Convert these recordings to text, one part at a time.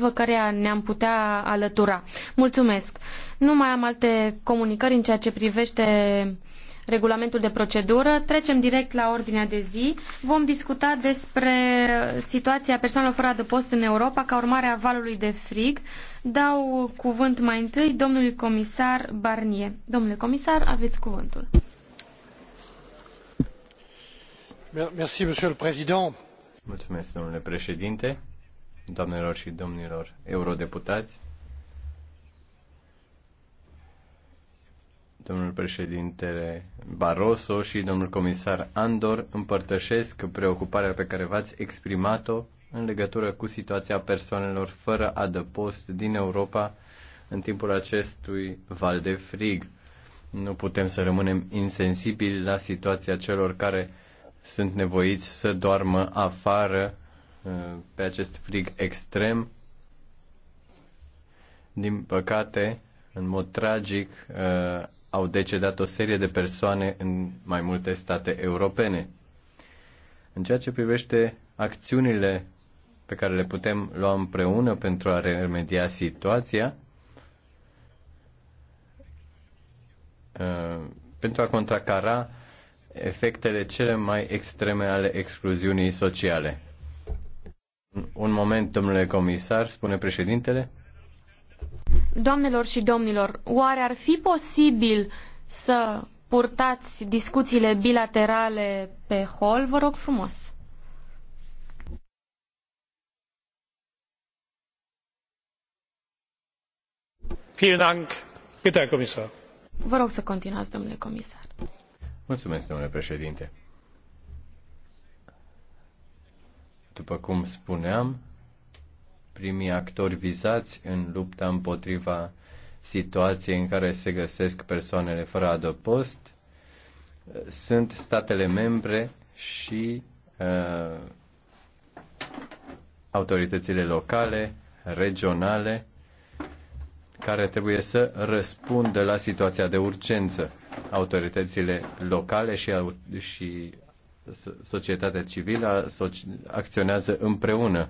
vă care ne-am putea alătura. Mulțumesc. Nu mai am alte comunicări în ceea ce privește regulamentul de procedură. Trecem direct la ordinea de zi. Vom discuta despre situația persoanelor fără adăpost în Europa ca urmare a valului de frig. Dau cuvânt mai întâi domnului comisar Barnier. Domnule comisar, aveți cuvântul. Mulțumesc, domnule președinte doamnelor și domnilor eurodeputați. Domnul președintele Barroso și domnul comisar Andor împărtășesc preocuparea pe care v-ați exprimat-o în legătură cu situația persoanelor fără adăpost din Europa în timpul acestui val de frig. Nu putem să rămânem insensibili la situația celor care sunt nevoiți să doarmă afară Uh, pe acest frig extrem. Din păcate, în mod tragic, uh, au decedat o serie de persoane în mai multe state europene. În ceea ce privește acțiunile pe care le putem lua împreună pentru a remedia situația, uh, pentru a contracara efectele cele mai extreme ale excluziunii sociale. Un moment, domnule comisar, spune președintele. Doamnelor și domnilor, oare ar fi posibil să purtați discuțiile bilaterale pe hol? Vă rog frumos. Vă rog să continuați, domnule comisar. Mulțumesc, domnule președinte. După cum spuneam, primii actori vizați în lupta împotriva situației în care se găsesc persoanele fără adăpost sunt statele membre și uh, autoritățile locale, regionale, care trebuie să răspundă la situația de urgență. Autoritățile locale și, și societatea civilă acționează împreună,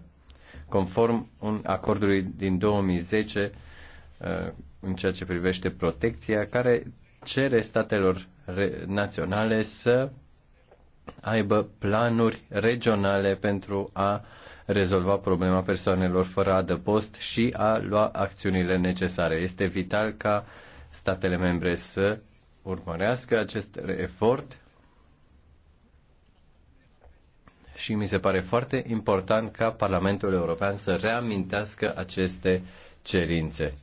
conform un acordului din 2010 uh, în ceea ce privește protecția, care cere statelor naționale să aibă planuri regionale pentru a rezolva problema persoanelor fără adăpost și a lua acțiunile necesare. Este vital ca statele membre să urmărească acest efort și mi se pare foarte important ca Parlamentul European să reamintească aceste cerințe.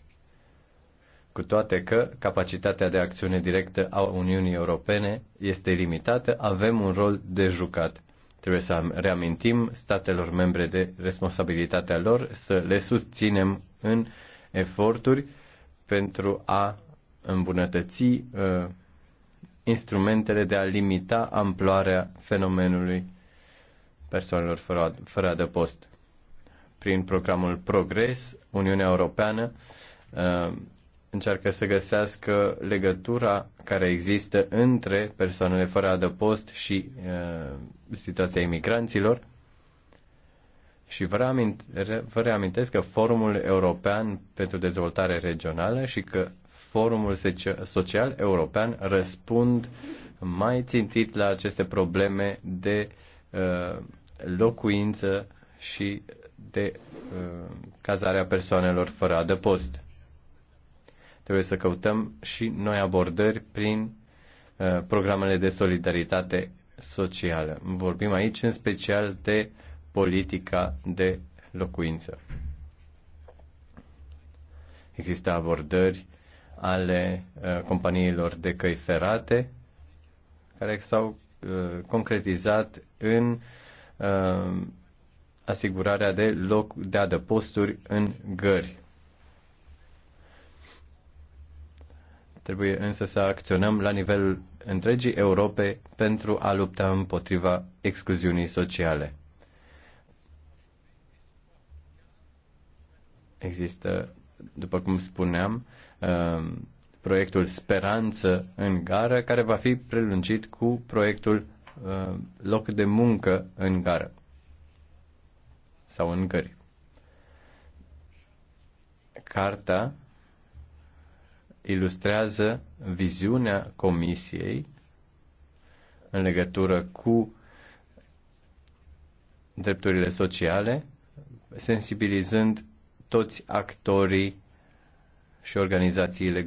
Cu toate că capacitatea de acțiune directă a Uniunii Europene este limitată, avem un rol de jucat. Trebuie să reamintim statelor membre de responsabilitatea lor, să le susținem în eforturi pentru a îmbunătăți uh, instrumentele de a limita amploarea fenomenului persoanelor fără, fără adăpost. Prin programul Progres, Uniunea Europeană uh, încearcă să găsească legătura care există între persoanele fără adăpost și uh, situația imigranților. Și vă, reamint, vă reamintesc că Forumul European pentru Dezvoltare Regională și că Forumul Social European răspund mai țintit la aceste probleme de uh, locuință și de uh, cazarea persoanelor fără adăpost. Trebuie să căutăm și noi abordări prin uh, programele de solidaritate socială. Vorbim aici în special de politica de locuință. Există abordări ale uh, companiilor de căi ferate care s-au uh, concretizat în uh, uh, asigurarea de loc de adăposturi în gări. Trebuie însă să acționăm la nivelul întregii Europe pentru a lupta împotriva excluziunii sociale. Există, după cum spuneam, uh, proiectul Speranță în gară, care va fi prelungit cu proiectul Uh, loc de muncă în gară sau în gări. Carta ilustrează viziunea Comisiei în legătură cu drepturile sociale, sensibilizând toți actorii și organizațiile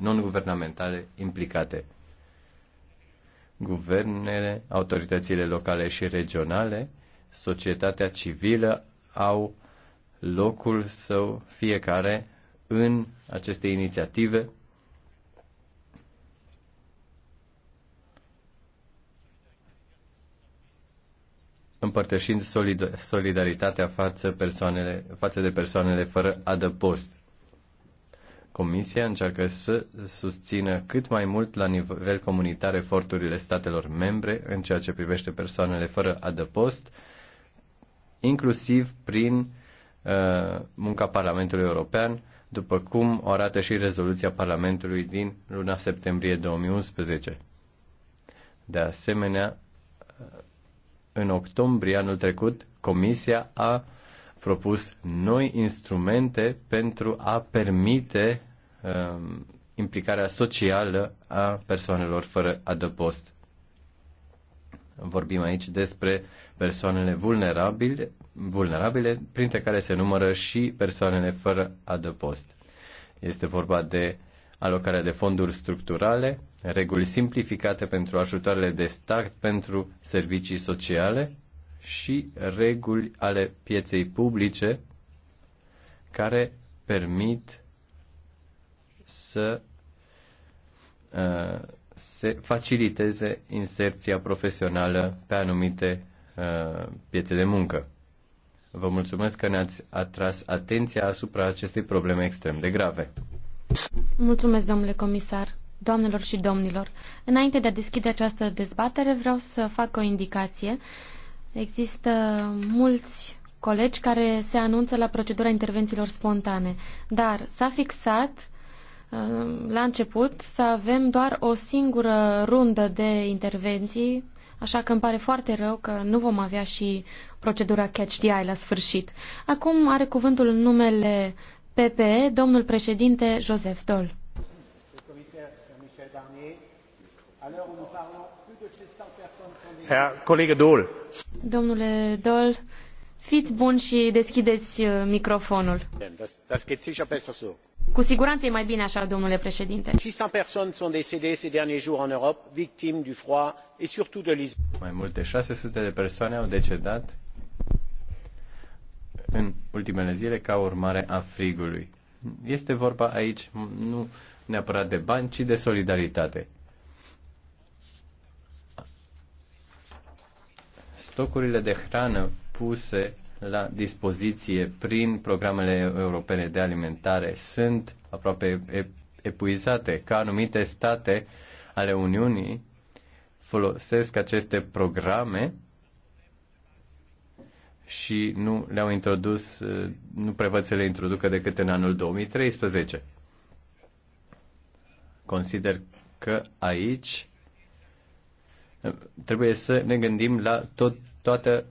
non-guvernamentale implicate guvernele, autoritățile locale și regionale, societatea civilă au locul său fiecare în aceste inițiative. împărtășind solidaritatea față, persoanele, față de persoanele fără adăpost. Comisia încearcă să susțină cât mai mult la nivel comunitar eforturile statelor membre în ceea ce privește persoanele fără adăpost, inclusiv prin uh, munca Parlamentului European, după cum o arată și rezoluția Parlamentului din luna septembrie 2011. De asemenea, uh, în octombrie anul trecut, Comisia a propus noi instrumente pentru a permite Um, implicarea socială a persoanelor fără adăpost. Vorbim aici despre persoanele vulnerabile, vulnerabile, printre care se numără și persoanele fără adăpost. Este vorba de alocarea de fonduri structurale, reguli simplificate pentru ajutoarele de stat pentru servicii sociale și reguli ale pieței publice care permit să uh, se faciliteze inserția profesională pe anumite uh, piețe de muncă. Vă mulțumesc că ne-ați atras atenția asupra acestei probleme extrem de grave. Mulțumesc, domnule comisar. Doamnelor și domnilor, înainte de a deschide această dezbatere, vreau să fac o indicație. Există mulți colegi care se anunță la procedura intervențiilor spontane, dar s-a fixat Ehm, la început să avem doar o singură rundă de intervenții, așa că îmi pare foarte rău că nu vom avea și procedura catch the eye la sfârșit. Acum are cuvântul numele PPE, domnul președinte Joseph Dol. Domnule Dol, fiți bun și deschideți uh, microfonul. Cu siguranță e mai bine așa, domnule președinte. 600 persoane sunt ces derniers jours du froid et surtout de l'isolement. Mai multe 600 de persoane au decedat în ultimele zile ca urmare a frigului. Este vorba aici nu neapărat de bani, ci de solidaritate. Stocurile de hrană puse la dispoziție prin programele europene de alimentare sunt aproape epuizate, ca anumite state ale Uniunii folosesc aceste programe și nu le-au introdus, nu prevăd să le introducă decât în anul 2013. Consider că aici trebuie să ne gândim la tot, toată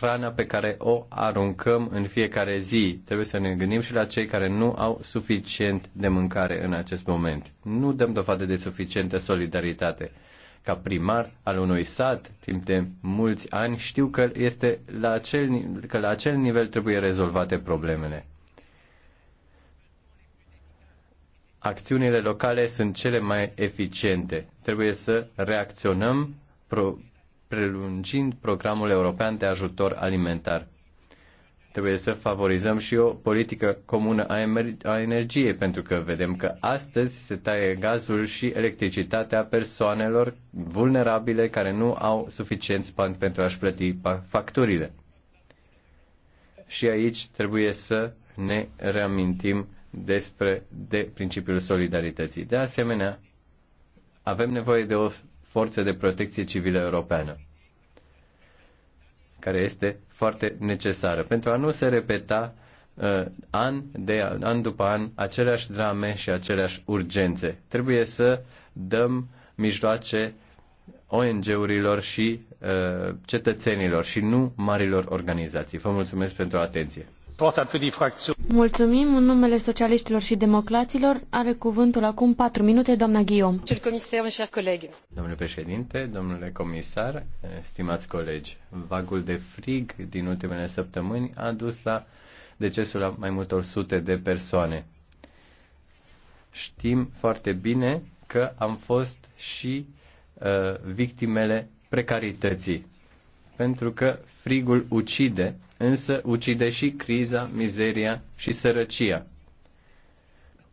hrana pe care o aruncăm în fiecare zi. Trebuie să ne gândim și la cei care nu au suficient de mâncare în acest moment. Nu dăm dovadă de suficientă solidaritate. Ca primar al unui sat, timp de mulți ani, știu că, este la acel, că la acel nivel trebuie rezolvate problemele. Acțiunile locale sunt cele mai eficiente. Trebuie să reacționăm pro- prelungind programul european de ajutor alimentar. Trebuie să favorizăm și o politică comună a energiei, pentru că vedem că astăzi se taie gazul și electricitatea persoanelor vulnerabile care nu au suficienți bani pentru a-și plăti facturile. Și aici trebuie să ne reamintim despre de principiul solidarității. De asemenea, avem nevoie de o forță de protecție civilă europeană, care este foarte necesară, pentru a nu se repeta uh, an, de, an după an aceleași drame și aceleași urgențe. Trebuie să dăm mijloace ONG-urilor și uh, cetățenilor și nu marilor organizații. Vă mulțumesc pentru atenție. Mulțumim. În numele socialiștilor și democraților are cuvântul acum 4 minute doamna Guillaume. Domnule președinte, domnule comisar, stimați colegi, vagul de frig din ultimele săptămâni a dus la decesul a mai multor sute de persoane. Știm foarte bine că am fost și uh, victimele precarității, pentru că frigul ucide însă ucide și criza, mizeria și sărăcia.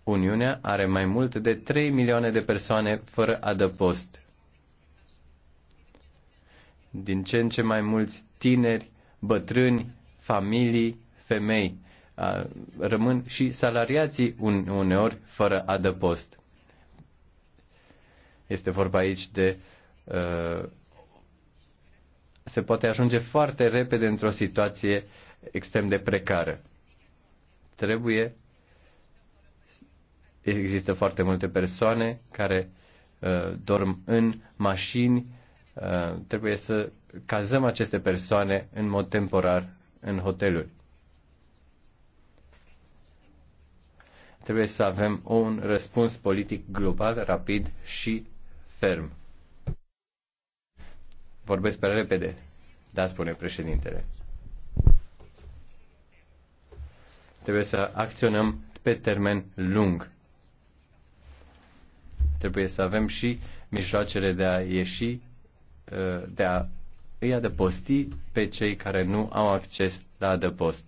Uniunea are mai mult de 3 milioane de persoane fără adăpost. Din ce în ce mai mulți tineri, bătrâni, familii, femei rămân și salariații uneori fără adăpost. Este vorba aici de uh, se poate ajunge foarte repede într-o situație extrem de precară. Trebuie. Există foarte multe persoane care uh, dorm în mașini. Uh, trebuie să cazăm aceste persoane în mod temporar în hoteluri. Trebuie să avem un răspuns politic global, rapid și ferm. Vorbesc pe repede. Da, spune președintele. Trebuie să acționăm pe termen lung. Trebuie să avem și mijloacele de a ieși, uh, de a îi adăposti pe cei care nu au acces la adăpost.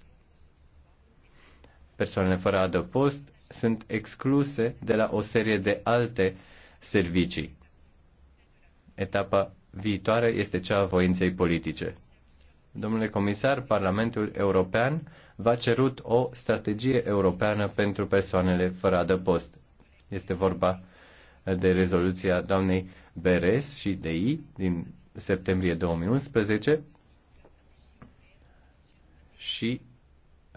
Persoanele fără adăpost sunt excluse de la o serie de alte servicii. Etapa viitoare este cea a voinței politice. Domnule comisar, Parlamentul European v-a cerut o strategie europeană pentru persoanele fără adăpost. Este vorba de rezoluția doamnei Beres și de I din septembrie 2011 și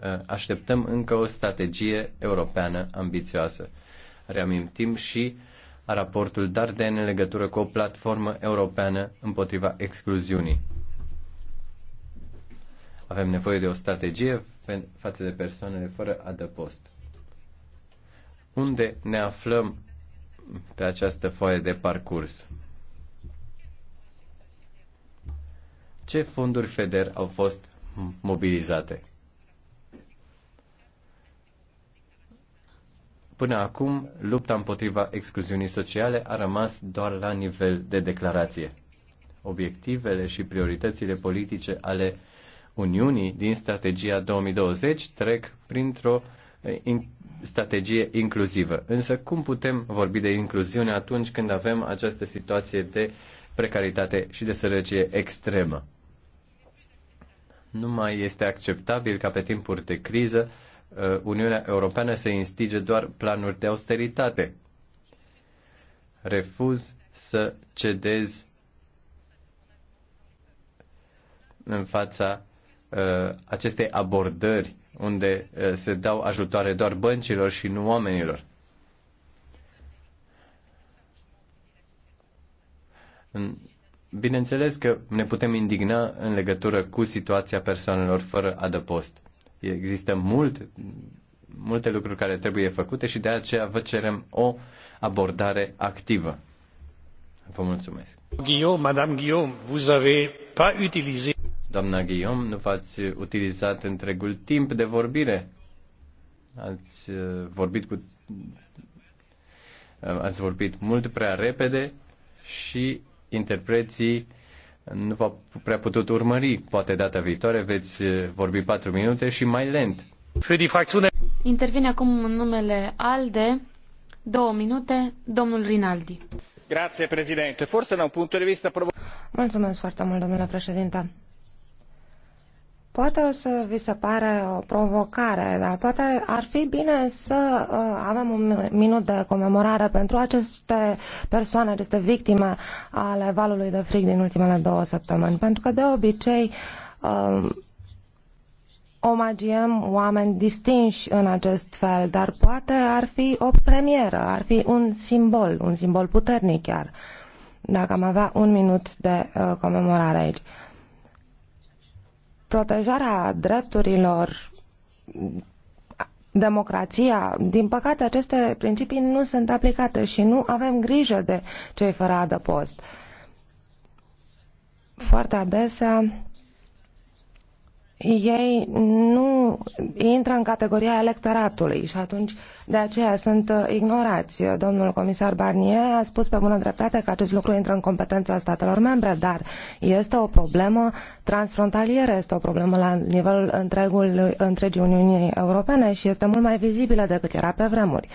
uh, așteptăm încă o strategie europeană ambițioasă. Reamintim și raportul Darden în legătură cu o platformă europeană împotriva excluziunii. Avem nevoie de o strategie față de persoanele fără adăpost. Unde ne aflăm pe această foaie de parcurs? Ce fonduri FEDER au fost mobilizate? Până acum, lupta împotriva excluziunii sociale a rămas doar la nivel de declarație. Obiectivele și prioritățile politice ale Uniunii din strategia 2020 trec printr-o eh, strategie inclusivă. Însă cum putem vorbi de incluziune atunci când avem această situație de precaritate și de sărăcie extremă? Nu mai este acceptabil ca pe timpuri de criză Uh, Uniunea Europeană să instige doar planuri de austeritate. Refuz să cedez în fața uh, acestei abordări unde uh, se dau ajutoare doar băncilor și nu oamenilor. Bineînțeles că ne putem indigna în legătură cu situația persoanelor fără adăpost. Există mult, multe lucruri care trebuie făcute și de aceea vă cerem o abordare activă. Vă mulțumesc. Guillaume, Madame Guillaume, vous avez pas utilisé... Doamna Guillaume, nu v-ați utilizat întregul timp de vorbire. Ați uh, vorbit cu uh, ați vorbit mult prea repede și interpreții nu v-a prea putut urmări. Poate data viitoare veți eh, vorbi patru minute și mai lent. Intervine acum în numele ALDE, două minute, domnul Rinaldi. Grazie, președinte. Forse, da, punct de vista... Mulțumesc foarte mult, domnule președinte. Poate o să vi se pare o provocare, dar poate ar fi bine să uh, avem un minut de comemorare pentru aceste persoane, aceste victime ale valului de frig din ultimele două săptămâni. Pentru că de obicei um, omagiem oameni distinși în acest fel, dar poate ar fi o premieră, ar fi un simbol, un simbol puternic chiar, dacă am avea un minut de uh, comemorare aici protejarea drepturilor, democrația, din păcate aceste principii nu sunt aplicate și nu avem grijă de cei fără adăpost. Foarte adesea ei nu intră în categoria electoratului și atunci de aceea sunt uh, ignorați. Domnul comisar Barnier a spus pe bună dreptate că acest lucru intră în competența statelor membre, dar este o problemă transfrontalieră, este o problemă la nivelul întregul, întregii Uniunii Europene și este mult mai vizibilă decât era pe vremuri.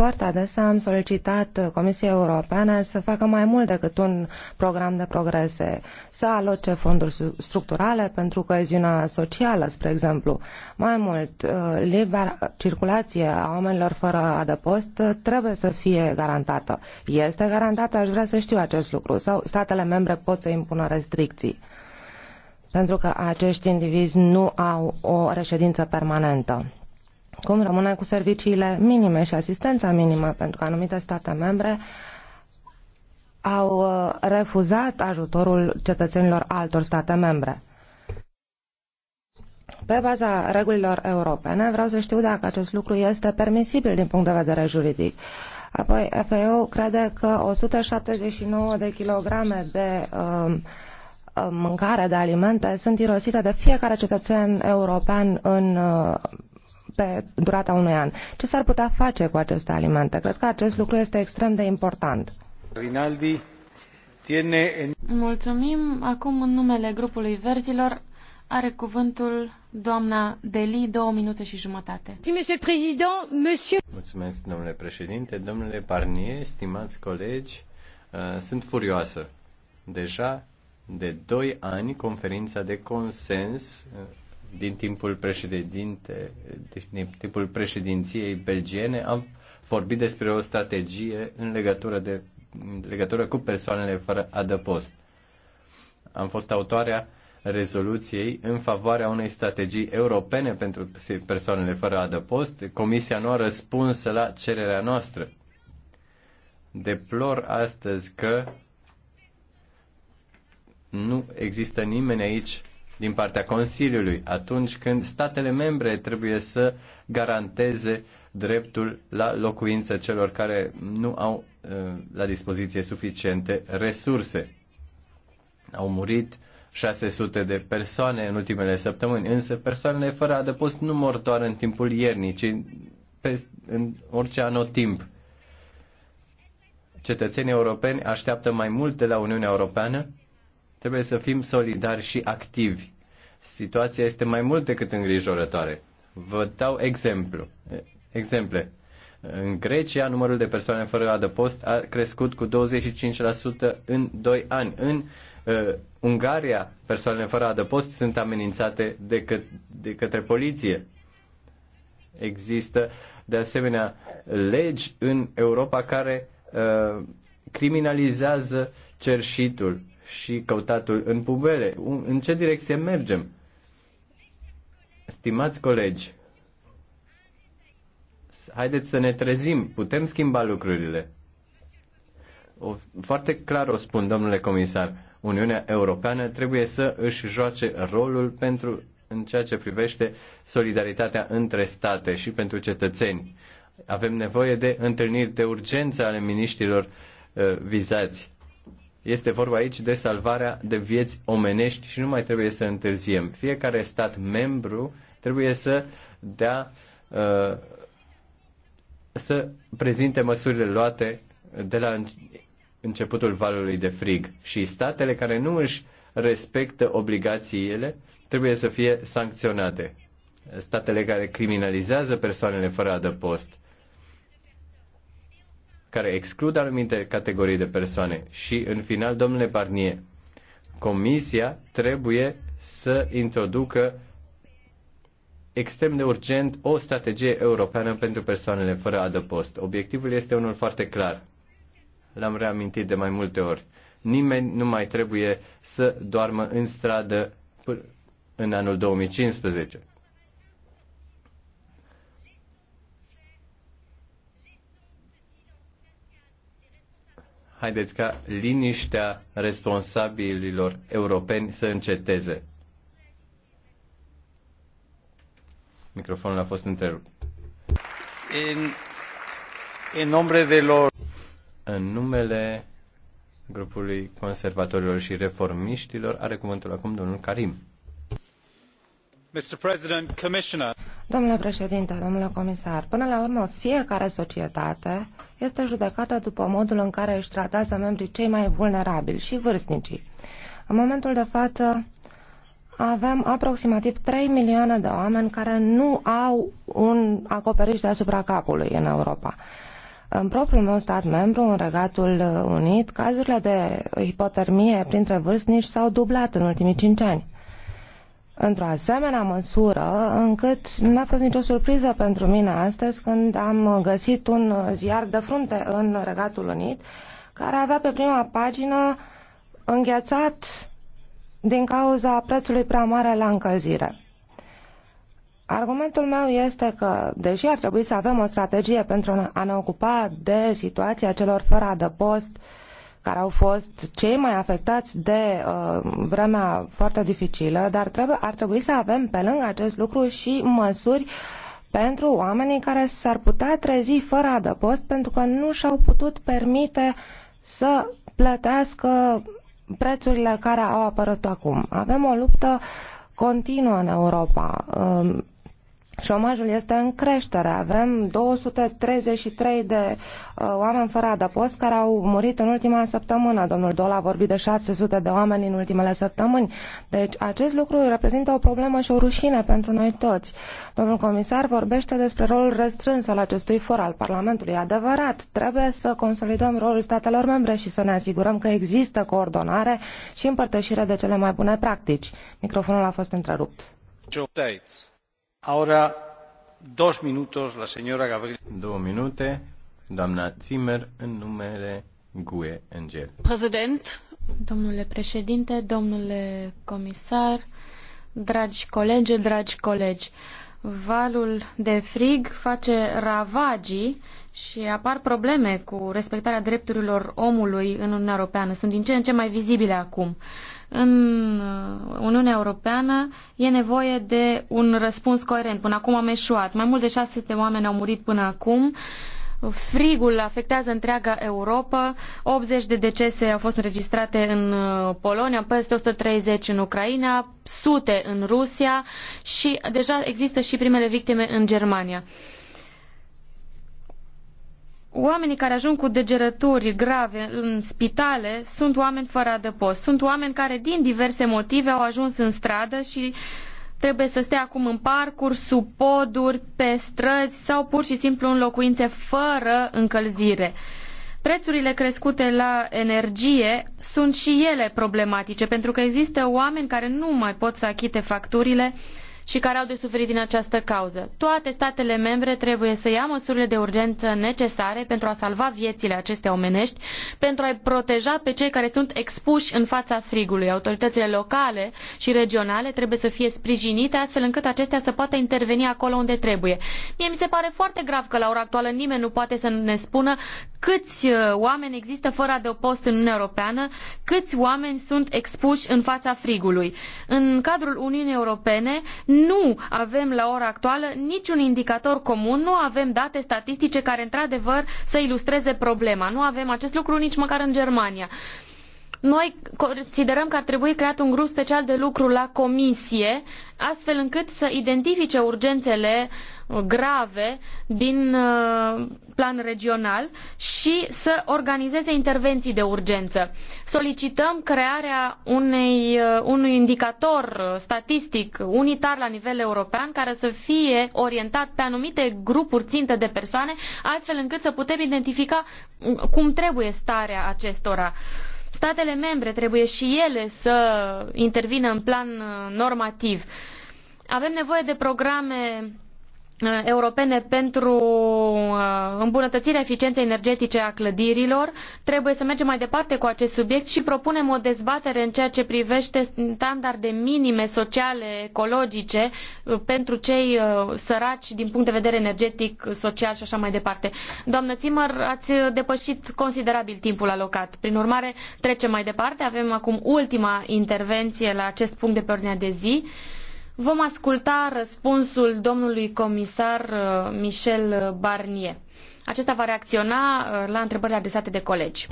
Foarte adesea am solicitat Comisiei Europene să facă mai mult decât un program de progrese, să aloce fonduri structurale pentru coeziunea socială, spre exemplu. Mai mult, uh, libera circulație a oamenilor fără adăpost trebuie să fie garantată. Este garantată, aș vrea să știu acest lucru, sau statele membre pot să impună restricții pentru că acești indivizi nu au o reședință permanentă cum rămâne cu serviciile minime și asistența minimă, pentru că anumite state membre au uh, refuzat ajutorul cetățenilor altor state membre. Pe baza regulilor europene, vreau să știu dacă acest lucru este permisibil din punct de vedere juridic. Apoi, FAO crede că 179 de kilograme de uh, mâncare, de alimente, sunt irosite de fiecare cetățean european în uh, pe durata unui an. Ce s-ar putea face cu aceste alimente? Cred că acest lucru este extrem de important. Rinaldi, tiene... Mulțumim. Acum, în numele grupului Verzilor, are cuvântul doamna Deli, două minute și jumătate. Mulțumesc, domnule președinte, domnule Parnie, stimați colegi, uh, sunt furioasă. Deja de doi ani conferința de consens uh, din timpul președinte, deci din timpul președinției belgiene am vorbit despre o strategie în legătură, de, în legătură cu persoanele fără adăpost. Am fost autoarea rezoluției în favoarea unei strategii europene pentru persoanele fără adăpost. Comisia nu a răspuns la cererea noastră. Deplor astăzi că nu există nimeni aici din partea Consiliului atunci când statele membre trebuie să garanteze dreptul la locuință celor care nu au uh, la dispoziție suficiente resurse. Au murit 600 de persoane în ultimele săptămâni, însă persoanele fără adăpost nu mor doar în timpul iernii, ci pe, în orice anotimp. Cetățenii europeni așteaptă mai mult de la Uniunea Europeană Trebuie să fim solidari și activi. Situația este mai mult decât îngrijorătoare. Vă dau exemplu. exemple. În Grecia, numărul de persoane fără adăpost a crescut cu 25% în 2 ani. În uh, Ungaria, persoanele fără adăpost sunt amenințate de, că, de către poliție. Există, de asemenea, legi în Europa care uh, criminalizează cerșitul și căutatul în pubele. În ce direcție mergem? Stimați colegi, haideți să ne trezim, putem schimba lucrurile. O, foarte clar o spun, domnule comisar, Uniunea Europeană trebuie să își joace rolul pentru în ceea ce privește solidaritatea între state și pentru cetățeni. Avem nevoie de întâlniri de urgență ale miniștilor uh, vizați este vorba aici de salvarea de vieți omenești și nu mai trebuie să întârziem. Fiecare stat membru trebuie să dea uh, să prezinte măsurile luate de la începutul valului de frig și statele care nu își respectă obligațiile trebuie să fie sancționate. Statele care criminalizează persoanele fără adăpost care exclud anumite categorii de persoane. Și, în final, domnule Barnier, Comisia trebuie să introducă extrem de urgent o strategie europeană pentru persoanele fără adăpost. Obiectivul este unul foarte clar. L-am reamintit de mai multe ori. Nimeni nu mai trebuie să doarmă în stradă în anul 2015. haideți ca liniștea responsabililor europeni să înceteze. Microfonul a fost întrerupt. În, in, nombre de lor... În numele grupului conservatorilor și reformiștilor are cuvântul acum domnul Karim. Mr. President, Commissioner. Domnule președinte, domnule comisar, până la urmă fiecare societate este judecată după modul în care își tratează membrii cei mai vulnerabili și vârstnicii. În momentul de față avem aproximativ 3 milioane de oameni care nu au un acoperiș deasupra capului în Europa. În propriul meu stat membru, în Regatul Unit, cazurile de hipotermie printre vârstnici s-au dublat în ultimii 5 ani într-o asemenea măsură încât n-a fost nicio surpriză pentru mine astăzi când am găsit un ziar de frunte în Regatul Unit care avea pe prima pagină înghețat din cauza prețului prea mare la încălzire. Argumentul meu este că, deși ar trebui să avem o strategie pentru a ne ocupa de situația celor fără adăpost, uh, care au fost cei mai afectați de uh, vremea foarte dificilă, dar trebuie, ar trebui să avem pe lângă acest lucru și măsuri pentru oamenii care s-ar putea trezi fără adăpost pentru că nu și-au putut permite să plătească prețurile care au apărut acum. Avem o luptă continuă în Europa. Uh, Șomajul este în creștere. Avem 233 de uh, oameni fără adăpost care au murit în ultima săptămână. Domnul Dola a vorbit de 600 de oameni în ultimele săptămâni. Deci acest lucru reprezintă o problemă și o rușine pentru noi toți. Domnul comisar vorbește despre rolul restrâns al acestui for al Parlamentului. Adevărat, trebuie să consolidăm rolul statelor membre și să ne asigurăm că există coordonare și împărtășire de cele mai bune practici. Microfonul a fost întrerupt. Updates. Ahora, Două minute, Domnule președinte, domnule comisar, dragi colegi, dragi colegi, valul de frig face ravagii și apar probleme cu respectarea drepturilor omului în Uniunea Europeană. Sunt din ce în ce mai vizibile acum. În uh, Uniunea Europeană e nevoie de un răspuns coerent. Până acum am eșuat. Mai mult de 600 oameni au murit până acum. Frigul afectează întreaga Europa. 80 de decese au fost înregistrate în uh, Polonia, peste 130 în Ucraina, sute în Rusia și deja există și primele victime în Germania. Oamenii care ajung cu degerături grave în spitale sunt oameni fără adăpost. Sunt oameni care din diverse motive au ajuns în stradă și trebuie să stea acum în parcuri, sub poduri, pe străzi sau pur și simplu în locuințe fără încălzire. Prețurile crescute la energie sunt și ele problematice, pentru că există oameni care nu mai pot să achite facturile uh, și care au de suferit din această cauză. Toate statele membre trebuie să ia măsurile de urgență necesare pentru a salva viețile acestei omenești, pentru a-i proteja pe cei care sunt expuși în fața frigului. Autoritățile locale și regionale trebuie să fie sprijinite astfel încât acestea să poată interveni acolo unde trebuie. Mie mi se pare foarte grav că la ora actuală nimeni nu poate să ne spună câți uh, oameni există fără adăpost în Uniunea Europeană, câți oameni sunt expuși în fața frigului. În cadrul Uniunii Europene nu avem la ora actuală niciun indicator comun, nu avem date statistice care într-adevăr să ilustreze problema. Nu avem acest lucru nici măcar în Germania. Noi considerăm că ar trebui creat un grup special de lucru la comisie, astfel încât să identifice urgențele uh, grave din uh, plan regional și să organizeze intervenții de urgență. Solicităm crearea unei, uh, unui indicator statistic unitar la nivel european care să fie orientat pe anumite grupuri ținte de persoane, astfel încât să putem identifica cum trebuie starea acestora. Statele membre trebuie și ele să intervină în plan uh, normativ. Avem nevoie de programe Uh, europene pentru uh, îmbunătățirea eficienței energetice a clădirilor. Trebuie să mergem mai departe cu acest subiect și propunem o dezbatere în ceea ce privește standarde minime sociale, ecologice uh, pentru cei săraci din punct de vedere energetic, social și așa mai departe. Doamnă Țimăr, ați depășit considerabil timpul alocat. Prin urmare, trecem mai departe. Avem acum ultima intervenție la acest punct de pe ordinea de zi. Vom asculta răspunsul domnului comisar uh, Michel Barnier. Acesta va reacționa uh, la întrebările adresate de colegi.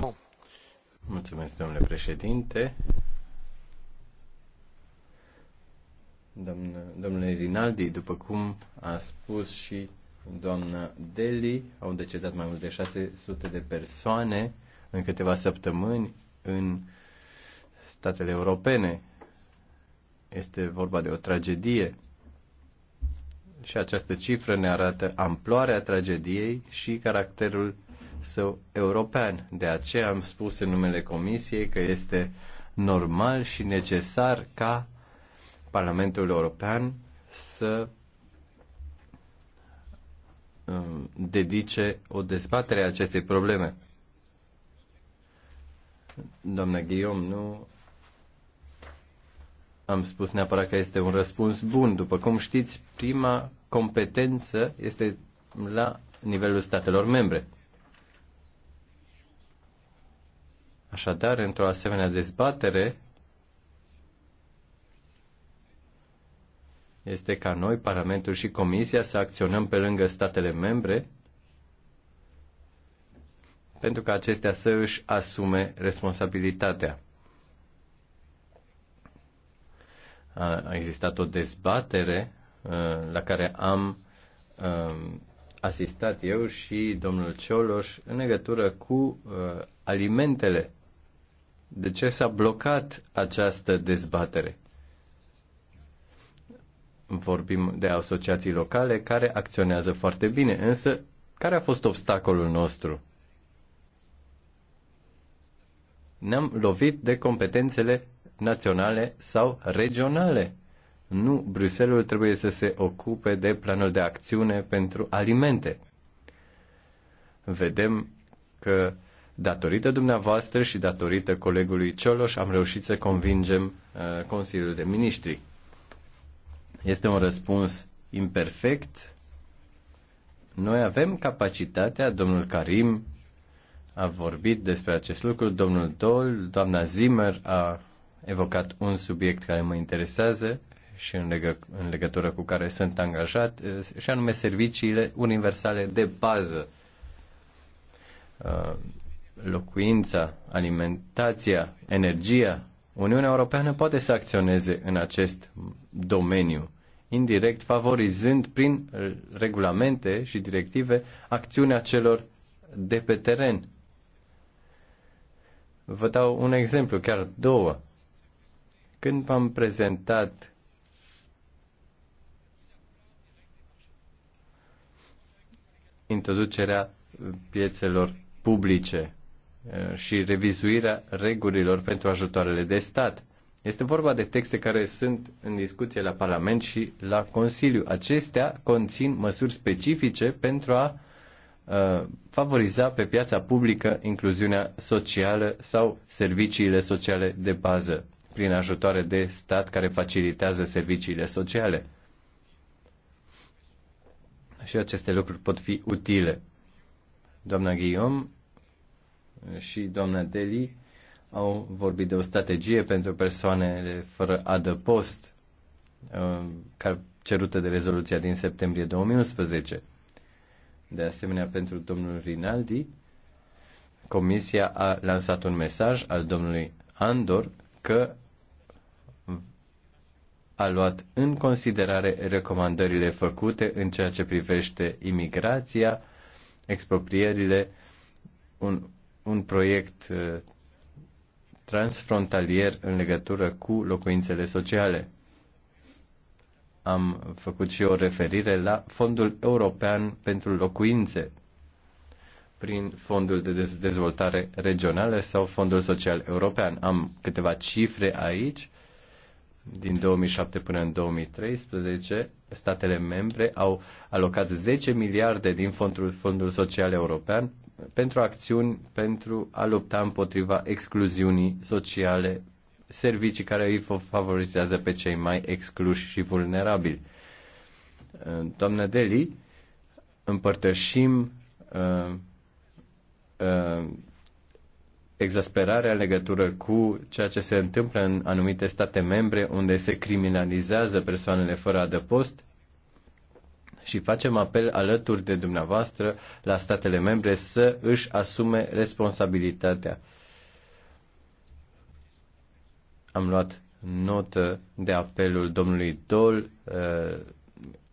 Mulțumesc, domnule președinte. Domnule, domnule Rinaldi, după cum a spus și doamna Deli, au decedat mai mult de 600 de persoane în câteva săptămâni în statele europene este vorba de o tragedie și această cifră ne arată amploarea tragediei și caracterul său european. De aceea am spus în numele Comisiei că este normal și necesar ca Parlamentul European să um, dedice o dezbatere a acestei probleme. Doamna Guillaume, nu am spus neapărat că este un răspuns bun. După cum știți, prima competență este la nivelul statelor membre. Așadar, într-o asemenea dezbatere, este ca noi, Parlamentul și Comisia, să acționăm pe lângă statele membre pentru ca acestea să își asume responsabilitatea. a existat o dezbatere la care am asistat eu și domnul Cioloș în legătură cu alimentele. De ce s-a blocat această dezbatere? Vorbim de asociații locale care acționează foarte bine, însă care a fost obstacolul nostru? Ne-am lovit de competențele naționale sau regionale. Nu, Bruselul trebuie să se ocupe de planul de acțiune pentru alimente. Vedem că datorită dumneavoastră și datorită colegului Cioloș am reușit să convingem uh, Consiliul de Ministri. Este un răspuns imperfect. Noi avem capacitatea, domnul Karim a vorbit despre acest lucru, domnul Dol, doamna Zimmer a evocat un subiect care mă interesează și în, legă, în legătură cu care sunt angajat, și anume serviciile universale de bază. Locuința, alimentația, energia. Uniunea Europeană poate să acționeze în acest domeniu, indirect favorizând prin regulamente și directive acțiunea celor de pe teren. Vă dau un exemplu, chiar două când v-am prezentat introducerea piețelor publice eh, și revizuirea regulilor pentru ajutoarele de stat. Este vorba de texte care sunt în discuție la Parlament și la Consiliu. Acestea conțin măsuri specifice pentru a uh, favoriza pe piața publică incluziunea socială sau serviciile sociale de bază prin ajutoare de stat care facilitează serviciile sociale. Și aceste lucruri pot fi utile. Doamna Guillaume și doamna Deli au vorbit de o strategie pentru persoanele fără adăpost uh, cerută de rezoluția din septembrie 2011. De asemenea, pentru domnul Rinaldi, Comisia a lansat un mesaj al domnului Andor că a luat în considerare recomandările făcute în ceea ce privește imigrația, exproprierile, un, un proiect uh, transfrontalier în legătură cu locuințele sociale. Am făcut și o referire la Fondul European pentru Locuințe prin Fondul de Dezvoltare Regională sau Fondul Social European. Am câteva cifre aici din 2007 până în 2013, statele membre au alocat 10 miliarde din Fondul, Fondul Social European pentru acțiuni pentru a lupta împotriva excluziunii sociale, servicii care îi favorizează pe cei mai excluși și vulnerabili. Uh, Doamna Deli, împărtășim uh, uh, Exasperarea în legătură cu ceea ce se întâmplă în anumite state membre unde se criminalizează persoanele fără adăpost și facem apel alături de dumneavoastră la statele membre să își asume responsabilitatea. Am luat notă de apelul domnului Dol uh,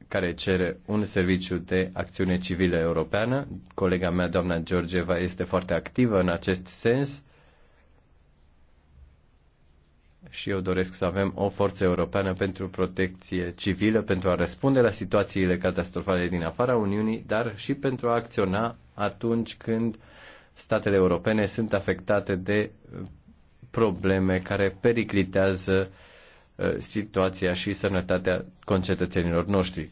care cere un serviciu de acțiune civilă europeană. Colega mea, doamna Georgeva, este foarte activă în acest sens și eu doresc să avem o forță europeană pentru protecție civilă, pentru a răspunde la situațiile catastrofale din afara Uniunii, dar și pentru a acționa atunci când statele europene sunt afectate de probleme care periclitează uh, situația și sănătatea concetățenilor noștri.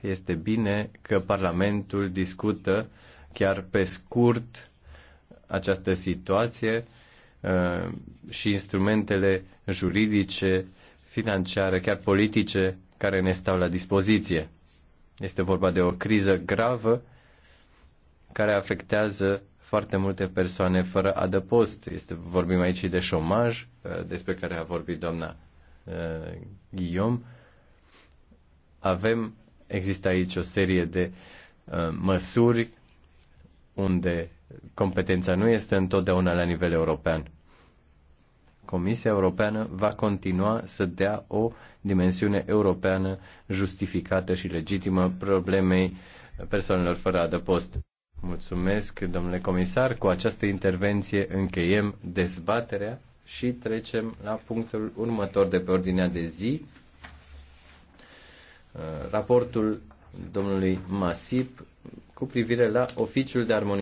Este bine că Parlamentul discută chiar pe scurt această situație uh, și instrumentele juridice, financiare, chiar politice care ne stau la dispoziție. Este vorba de o criză gravă care afectează foarte multe persoane fără adăpost. Este, vorbim aici de șomaj, uh, despre care a vorbit doamna uh, Guillaume. Avem Există aici o serie de uh, măsuri unde competența nu este întotdeauna la nivel european. Comisia Europeană va continua să dea o dimensiune europeană justificată și legitimă problemei persoanelor fără adăpost. Mulțumesc, domnule comisar. Cu această intervenție încheiem dezbaterea și trecem la punctul următor de pe ordinea de zi. Uh, raportul domnului Masip cu privire la oficiul de armonizare